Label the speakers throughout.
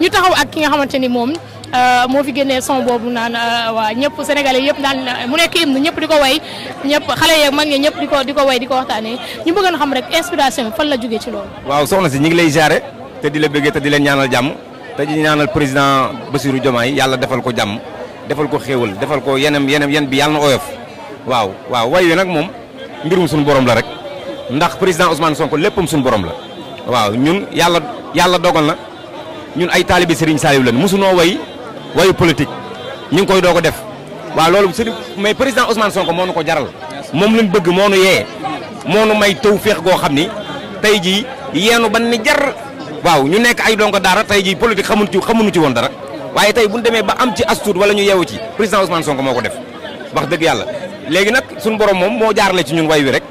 Speaker 1: ñu taxaw ak ki nga xamante ni moom euh, moo fi génnee son boobu naan euh, waa ñëpp sénégalais yëpp daan mu nekk hymne ñëpp di ko way ñëpp xale yeeg mag ñi di ko di ko way di ko waxtaanee ñu bëggoon xam rek inspiration fan la jógee ci loolu.
Speaker 2: waaw soxna si ñu ngi lay jaare te di la bëggee te di leen ñaanal jàmm te di ñaanal président Bassirou Diomaye yàlla defal ko jàmm defal ko xéewal defal ko yeneen yeneen yen bi yàlla na oyof waaw waaw way wi nag moom mbirum suñu borom la rek ndax président Ousmane Sonko léppam suñu borom la yàlla yàlla na ñun ay taalibi Serigne Saliou lañ mosunoo way wayu politique ñu ngi koy doo ko def waa loolu Serigne mais président osman Sonko moo nu ko jaral moom lañ bëgg moo nu yee moo nu may taw féex goo xam ni tey jii yeenu ban ni jar waaw ñu nekk ay dongo daara tey jii politique xamuñu ci xamuñu ci woon dara waaye tey bu ñu demee ba am ci astuut wala ñu yeewu ci président Ousmane Sonko moo ko def wax dëgg yàlla léegi nag suñu borom moom moo jaarle ci ñun way wi rek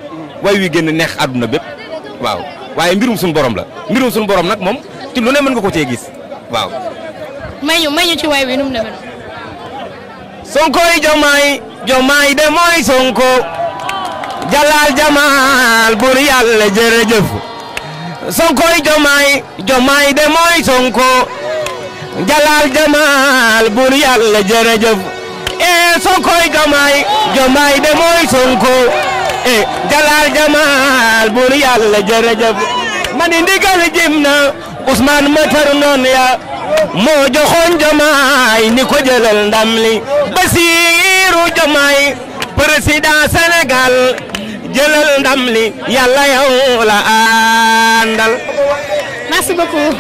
Speaker 2: way wi génn neex àdduna bépp waaw waaye mbirum suñu borom la mbirum suñu borom nag moom ci lu mën nga ko cee gis waaw.
Speaker 3: ñu may ci way wi nu mu demee Sonko yi Jomaay
Speaker 4: Jomaay de mooy Sonko. Jalal Jamaal bur yàlla jërëjëf. Sonko yi Jomaay Jomaay de mooy Sonko. Jalal Jamaal bur yàlla jërëjëf. eh Sonko yi Jomaay Jomaay de mooy Sonko. eh Jalal Jamaal bur yàlla jërëjëf. mani ndigal jim na. Ousmane Matar noonu ya moo joxoon Diomaye ni ko jëlal ndam li Bassirou Diomaye président Sénégal jëlal ndam li yàlla yow la àndal merci